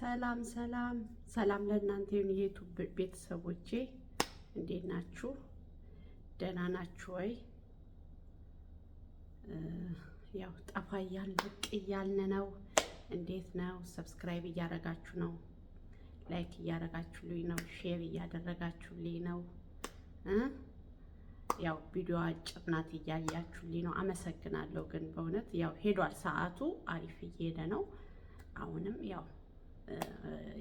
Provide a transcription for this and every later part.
ሰላም ሰላም ሰላም ለእናንተ ይሁን የዩቱብ ቤተሰቦቼ፣ እንዴት ናችሁ? ደህና ናችሁ ወይ? ያው ጠፋ እያልን ብቅ እያልን ነው። እንዴት ነው? ሰብስክራይብ እያደረጋችሁ ነው፣ ላይክ እያደረጋችሁልኝ ነው፣ ሼር እያደረጋችሁልኝ ነው። ያው ቪዲዮ አጭር ናት እያያችሁልኝ ነው። አመሰግናለሁ። ግን በእውነት ያው ሄዷል ሰዓቱ፣ አሪፍ እየሄደ ነው። አሁንም ያው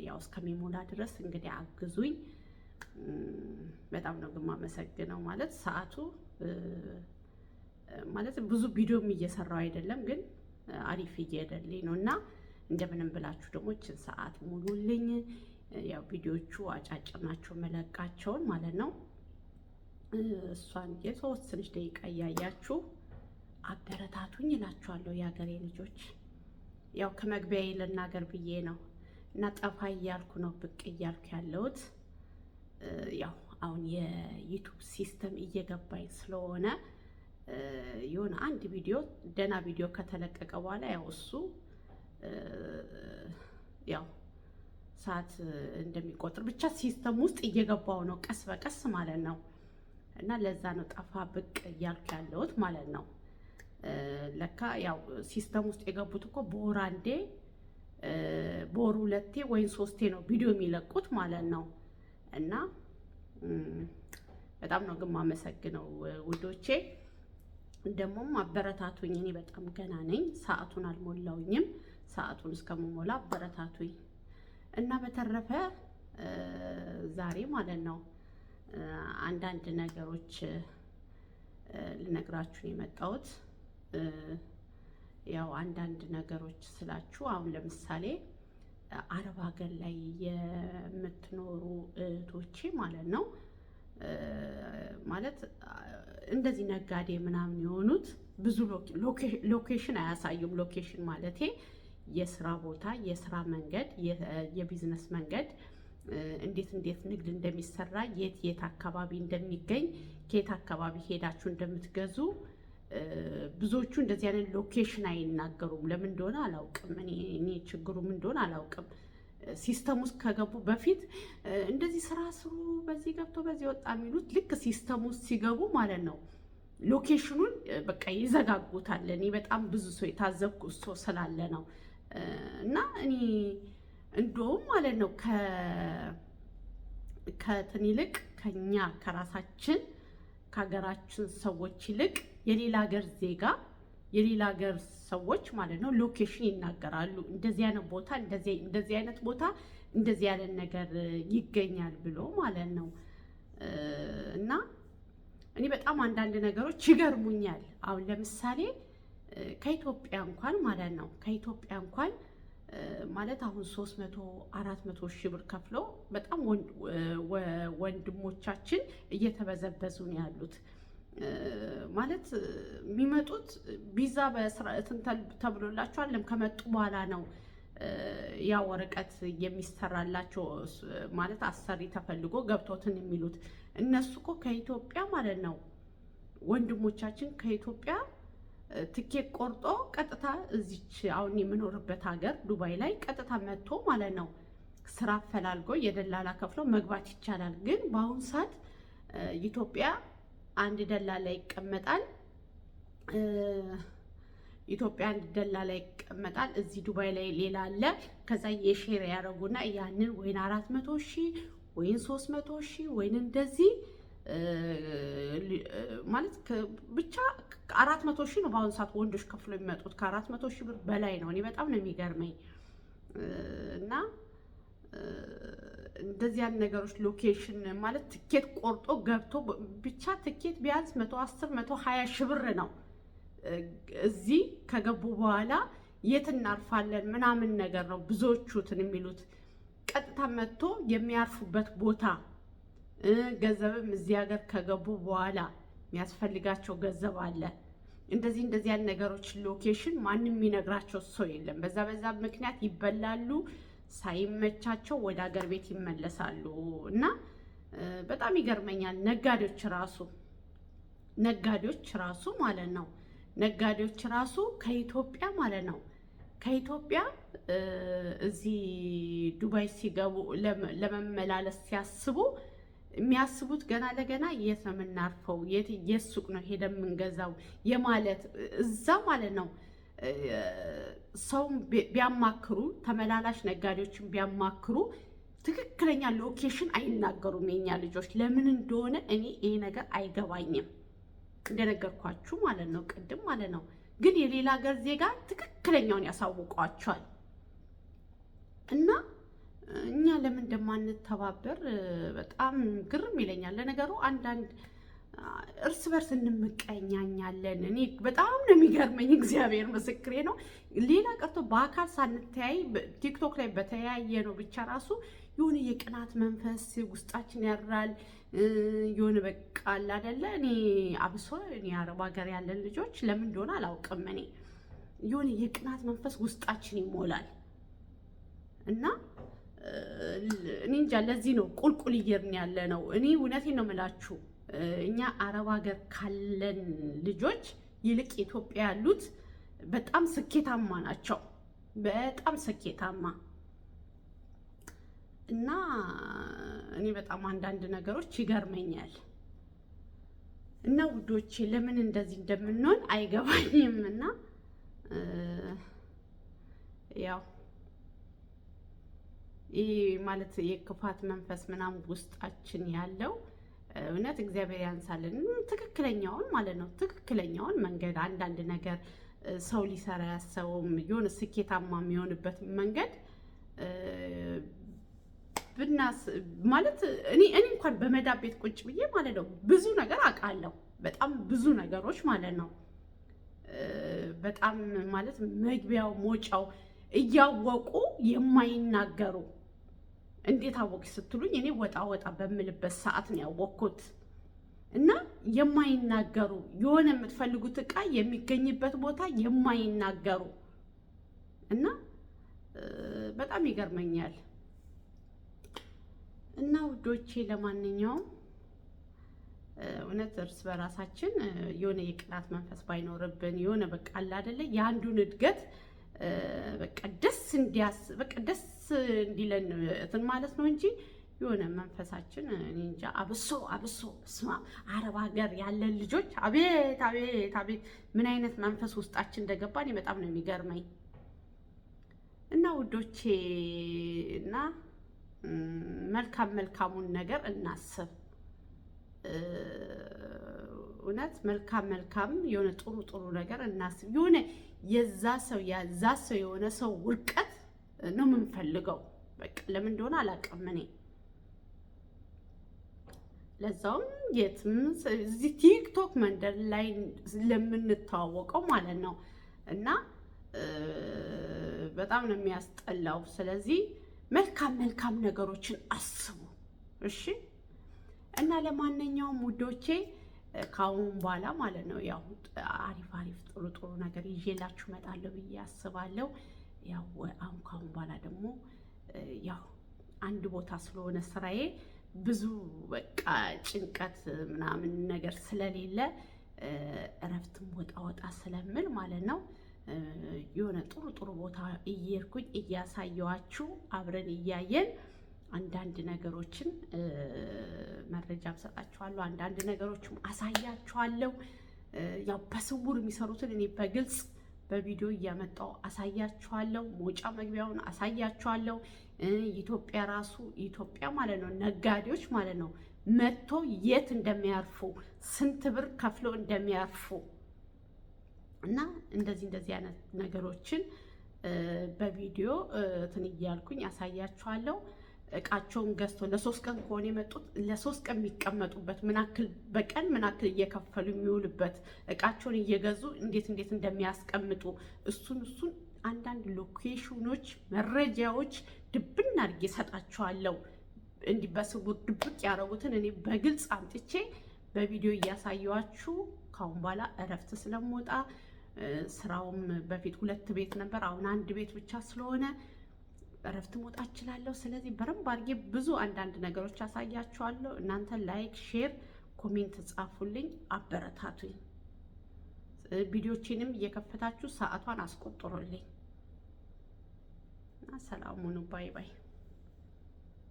ያው እስከሚሞላ ድረስ እንግዲህ አግዙኝ። በጣም ነው ግን ማለት ሰዓቱ ማለት ብዙ ቪዲዮም እየሰራው አይደለም፣ ግን አሪፍ እየሄደልኝ ነው እና እንደምንም ብላችሁ ደግሞ ይችን ሰዓት ሙሉልኝ። ያው ቪዲዮቹ አጫጭር ናቸው መለቃቸውን ማለት ነው። እሷን የሶስት ደቂቃ እያያችሁ አበረታቱኝ እላችኋለሁ የሀገሬ ልጆች። ያው ከመግቢያ ልናገር ብዬ ነው እና ጠፋ እያልኩ ነው ብቅ እያልኩ ያለሁት ያው አሁን የዩቱብ ሲስተም እየገባኝ ስለሆነ የሆነ አንድ ቪዲዮ ደህና ቪዲዮ ከተለቀቀ በኋላ ያው እሱ ያው ሰዓት እንደሚቆጥር ብቻ ሲስተም ውስጥ እየገባው ነው ቀስ በቀስ ማለት ነው። እና ለዛ ነው ጠፋ ብቅ እያልኩ ያለሁት ማለት ነው። ለካ ያው ሲስተም ውስጥ የገቡት እኮ አንዴ በወር ሁለቴ ወይም ሶስቴ ነው ቪዲዮ የሚለቁት ማለት ነው። እና በጣም ነው ግን ማመሰግነው ውዶቼ። ደግሞም አበረታቱኝ። እኔ በጣም ገና ነኝ፣ ሰዓቱን አልሞላውኝም። ሰዓቱን እስከምሞላ አበረታቱኝ እና በተረፈ ዛሬ ማለት ነው አንዳንድ ነገሮች ልነግራችሁ የመጣሁት ያው አንዳንድ ነገሮች ስላችሁ አሁን ለምሳሌ አረብ ሀገር ላይ የምትኖሩ እህቶቼ ማለት ነው ማለት እንደዚህ ነጋዴ ምናምን የሆኑት ብዙ ሎኬሽን አያሳዩም። ሎኬሽን ማለቴ የስራ ቦታ፣ የስራ መንገድ፣ የቢዝነስ መንገድ እንዴት እንዴት ንግድ እንደሚሰራ፣ የት የት አካባቢ እንደሚገኝ፣ ከየት አካባቢ ሄዳችሁ እንደምትገዙ ብዙዎቹ እንደዚህ አይነት ሎኬሽን አይናገሩም። ለምን እንደሆነ አላውቅም። እኔ ችግሩ ምን እንደሆነ አላውቅም። ሲስተም ውስጥ ከገቡ በፊት እንደዚህ ስራ ስሩ፣ በዚህ ገብቶ በዚህ ወጣ የሚሉት ልክ ሲስተም ውስጥ ሲገቡ ማለት ነው ሎኬሽኑን በቃ ይዘጋጉታል። እኔ በጣም ብዙ ሰው የታዘብኩ እሶ ስላለ ነው። እና እኔ እንደውም ማለት ነው ከትን ይልቅ ከኛ ከራሳችን ከሀገራችን ሰዎች ይልቅ የሌላ ሀገር ዜጋ የሌላ ሀገር ሰዎች ማለት ነው ሎኬሽን ይናገራሉ። እንደዚህ አይነት ቦታ እንደዚህ አይነት ቦታ እንደዚህ ያለን ነገር ይገኛል ብሎ ማለት ነው። እና እኔ በጣም አንዳንድ ነገሮች ይገርሙኛል። አሁን ለምሳሌ ከኢትዮጵያ እንኳን ማለት ነው ከኢትዮጵያ እንኳን ማለት አሁን ሶስት መቶ አራት መቶ ሺህ ብር ከፍለው በጣም ወንድሞቻችን እየተበዘበዙ ነው ያሉት። ማለት የሚመጡት ቪዛ በስርዓትን አለም ከመጡ በኋላ ነው ያ ወረቀት የሚሰራላቸው ማለት አሰሪ ተፈልጎ ገብቶትን የሚሉት እነሱ እኮ ከኢትዮጵያ ማለት ነው ወንድሞቻችን ከኢትዮጵያ ትኬት ቆርጦ ቀጥታ እዚች አሁን የምኖርበት ሀገር ዱባይ ላይ ቀጥታ መጥቶ ማለት ነው ስራ አፈላልጎ የደላላ ከፍሎ መግባት ይቻላል። ግን በአሁኑ ሰዓት ኢትዮጵያ አንድ ደላላ ይቀመጣል። ኢትዮጵያ አንድ ደላላ ይቀመጣል። እዚህ ዱባይ ላይ ሌላ አለ። ከዛ የሼር ያደረጉና ያንን ወይን አራት መቶ ሺህ ወይን ሶስት መቶ ሺህ ወይን እንደዚህ ማለት ብቻ አራት መቶ ሺህ ነው በአሁኑ ሰዓት ወንዶች ከፍሎ የሚመጡት ከአራት መቶ ሺህ ብር በላይ ነው። እኔ በጣም ነው የሚገርመኝ። እና እንደዚህ ያን ነገሮች ሎኬሽን ማለት ትኬት ቆርጦ ገብቶ ብቻ ትኬት ቢያንስ መቶ አስር መቶ ሀያ ሺህ ብር ነው። እዚህ ከገቡ በኋላ የት እናርፋለን ምናምን ነገር ነው ብዙዎቹትን የሚሉት ቀጥታ መጥቶ የሚያርፉበት ቦታ ገንዘብም እዚህ ሀገር ከገቡ በኋላ የሚያስፈልጋቸው ገንዘብ አለ። እንደዚህ እንደዚህ ያሉ ነገሮች ሎኬሽን ማንም የሚነግራቸው ሰው የለም። በዛ በዛ ምክንያት ይበላሉ፣ ሳይመቻቸው ወደ ሀገር ቤት ይመለሳሉ እና በጣም ይገርመኛል። ነጋዴዎች ራሱ ነጋዴዎች ራሱ ማለት ነው ነጋዴዎች ራሱ ከኢትዮጵያ ማለት ነው ከኢትዮጵያ እዚህ ዱባይ ሲገቡ ለመመላለስ ሲያስቡ የሚያስቡት ገና ለገና የት ነው የምናርፈው፣ የት ሱቅ ነው ሄደ የምንገዛው የማለት እዛ ማለት ነው። ሰውን ቢያማክሩ ተመላላሽ ነጋዴዎችን ቢያማክሩ ትክክለኛ ሎኬሽን አይናገሩም የኛ ልጆች። ለምን እንደሆነ እኔ ይሄ ነገር አይገባኝም። እንደነገርኳችሁ ማለት ነው ቅድም ማለት ነው። ግን የሌላ ሀገር ዜጋ ትክክለኛውን ያሳውቋቸዋል እና እኛ ለምን እንደማንተባበር በጣም ግርም ይለኛል። ለነገሩ አንዳንድ እርስ በርስ እንምቀኛኛለን። እኔ በጣም ነው የሚገርመኝ፣ እግዚአብሔር ምስክሬ ነው። ሌላ ቀርቶ በአካል ሳንተያይ ቲክቶክ ላይ በተያየ ነው ብቻ ራሱ የሆነ የቅናት መንፈስ ውስጣችን ያድራል። የሆነ በቃ አለ አይደለ? እኔ አብሶ እኔ አረብ ሀገር ያለን ልጆች ለምን እንደሆነ አላውቅም። እኔ የሆነ የቅናት መንፈስ ውስጣችን ይሞላል እና እኔ እንጃ። ለዚህ ነው ቁልቁል እየርን ያለ ነው። እኔ እውነቴን ነው የምላችሁ እኛ አረብ ሀገር ካለን ልጆች ይልቅ ኢትዮጵያ ያሉት በጣም ስኬታማ ናቸው። በጣም ስኬታማ እና እኔ በጣም አንዳንድ ነገሮች ይገርመኛል። እና ውዶቼ ለምን እንደዚህ እንደምንሆን አይገባኝም። እና ያው ይህ ማለት የክፋት መንፈስ ምናምን ውስጣችን ያለው እውነት እግዚአብሔር ያንሳልን። ትክክለኛውን ማለት ነው ትክክለኛውን መንገድ አንዳንድ ነገር ሰው ሊሰራ ያሰውም የሆነ ስኬታማ የሚሆንበት መንገድ ብናስ ማለት እኔ እኔ እንኳን በመዳብ ቤት ቁጭ ብዬ ማለት ነው ብዙ ነገር አውቃለሁ። በጣም ብዙ ነገሮች ማለት ነው በጣም ማለት መግቢያው ሞጫው እያወቁ የማይናገሩ እንዴት አወቅሽ ስትሉኝ እኔ ወጣ ወጣ በምልበት ሰዓት ነው ያወቅኩት። እና የማይናገሩ የሆነ የምትፈልጉት እቃ የሚገኝበት ቦታ የማይናገሩ እና በጣም ይገርመኛል። እና ውዶቼ ለማንኛውም እውነት እርስ በራሳችን የሆነ የቅናት መንፈስ ባይኖርብን የሆነ በቃ አለ አይደለ የአንዱን እድገት በቃ ደስ እንዲያስ በቃ ደስ እንዲለን እንትን ማለት ነው እንጂ የሆነ መንፈሳችን እንጃ። አብሶ አብሶ ስማ አረብ ሀገር ያለን ልጆች አቤት አቤት አቤት ምን አይነት መንፈስ ውስጣችን እንደገባ እኔ በጣም ነው የሚገርመኝ። እና ውዶቼ እና መልካም መልካሙን ነገር እናስብ። እውነት መልካም መልካም የሆነ ጥሩ ጥሩ ነገር እናስብ። የሆነ የዛ ሰው የዛ ሰው የሆነ ሰው ውድቀት ነው የምንፈልገው። በቃ ለምን እንደሆነ አላውቅም እኔ ለዛውም የትም እዚህ ቲክቶክ መንደር ላይ ለምንተዋወቀው ማለት ነው። እና በጣም ነው የሚያስጠላው። ስለዚህ መልካም መልካም ነገሮችን አስቡ እሺ። እና ለማንኛውም ውዶቼ ከአሁን በኋላ ማለት ነው ያው አሪፍ አሪፍ ጥሩ ጥሩ ነገር ይዤላችሁ እመጣለሁ ብዬ አስባለሁ። ያው አሁን ካሁን በኋላ ደግሞ ያው አንድ ቦታ ስለሆነ ስራዬ ብዙ በቃ ጭንቀት ምናምን ነገር ስለሌለ እረፍትም ወጣ ወጣ ስለምል ማለት ነው የሆነ ጥሩ ጥሩ ቦታ እየርኩኝ እያሳየዋችሁ አብረን እያየን አንዳንድ ነገሮችን መረጃም ሰጣችኋለሁ፣ አንዳንድ ነገሮችም አሳያችኋለሁ። ያው በስውር የሚሰሩትን እኔ በግልጽ በቪዲዮ እያመጣው አሳያችኋለሁ። መውጫ መግቢያውን አሳያችኋለሁ። ኢትዮጵያ ራሱ ኢትዮጵያ ማለት ነው ነጋዴዎች ማለት ነው መጥቶ የት እንደሚያርፉ ስንት ብር ከፍሎ እንደሚያርፉ እና እንደዚህ እንደዚህ አይነት ነገሮችን በቪዲዮ እንትን እያልኩኝ አሳያችኋለሁ። እቃቸውን ገዝተው ለሶስት ቀን ከሆነ የመጡት ለሶስት ቀን የሚቀመጡበት ምናክል በቀን ምናክል እየከፈሉ የሚውልበት እቃቸውን እየገዙ እንዴት እንዴት እንደሚያስቀምጡ እሱን እሱን አንዳንድ ሎኬሽኖች መረጃዎች ድብና አድርጌ እሰጣችኋለሁ። እንዲህ በስውር ድብቅ ያደረጉትን እኔ በግልጽ አምጥቼ በቪዲዮ እያሳየኋችሁ ከአሁን በኋላ እረፍት ስለምወጣ ስራውም በፊት ሁለት ቤት ነበር፣ አሁን አንድ ቤት ብቻ ስለሆነ እረፍት መውጣ እችላለሁ። ስለዚህ በረንብ አድርጌ ብዙ አንዳንድ ነገሮች አሳያችኋለሁ። እናንተ ላይክ፣ ሼር፣ ኮሜንት ጻፉልኝ፣ አበረታቱኝ። ቪዲዮችንም እየከፈታችሁ ሰዓቷን አስቆጥሩልኝ እና ሰላሙኑ ባይ ባይ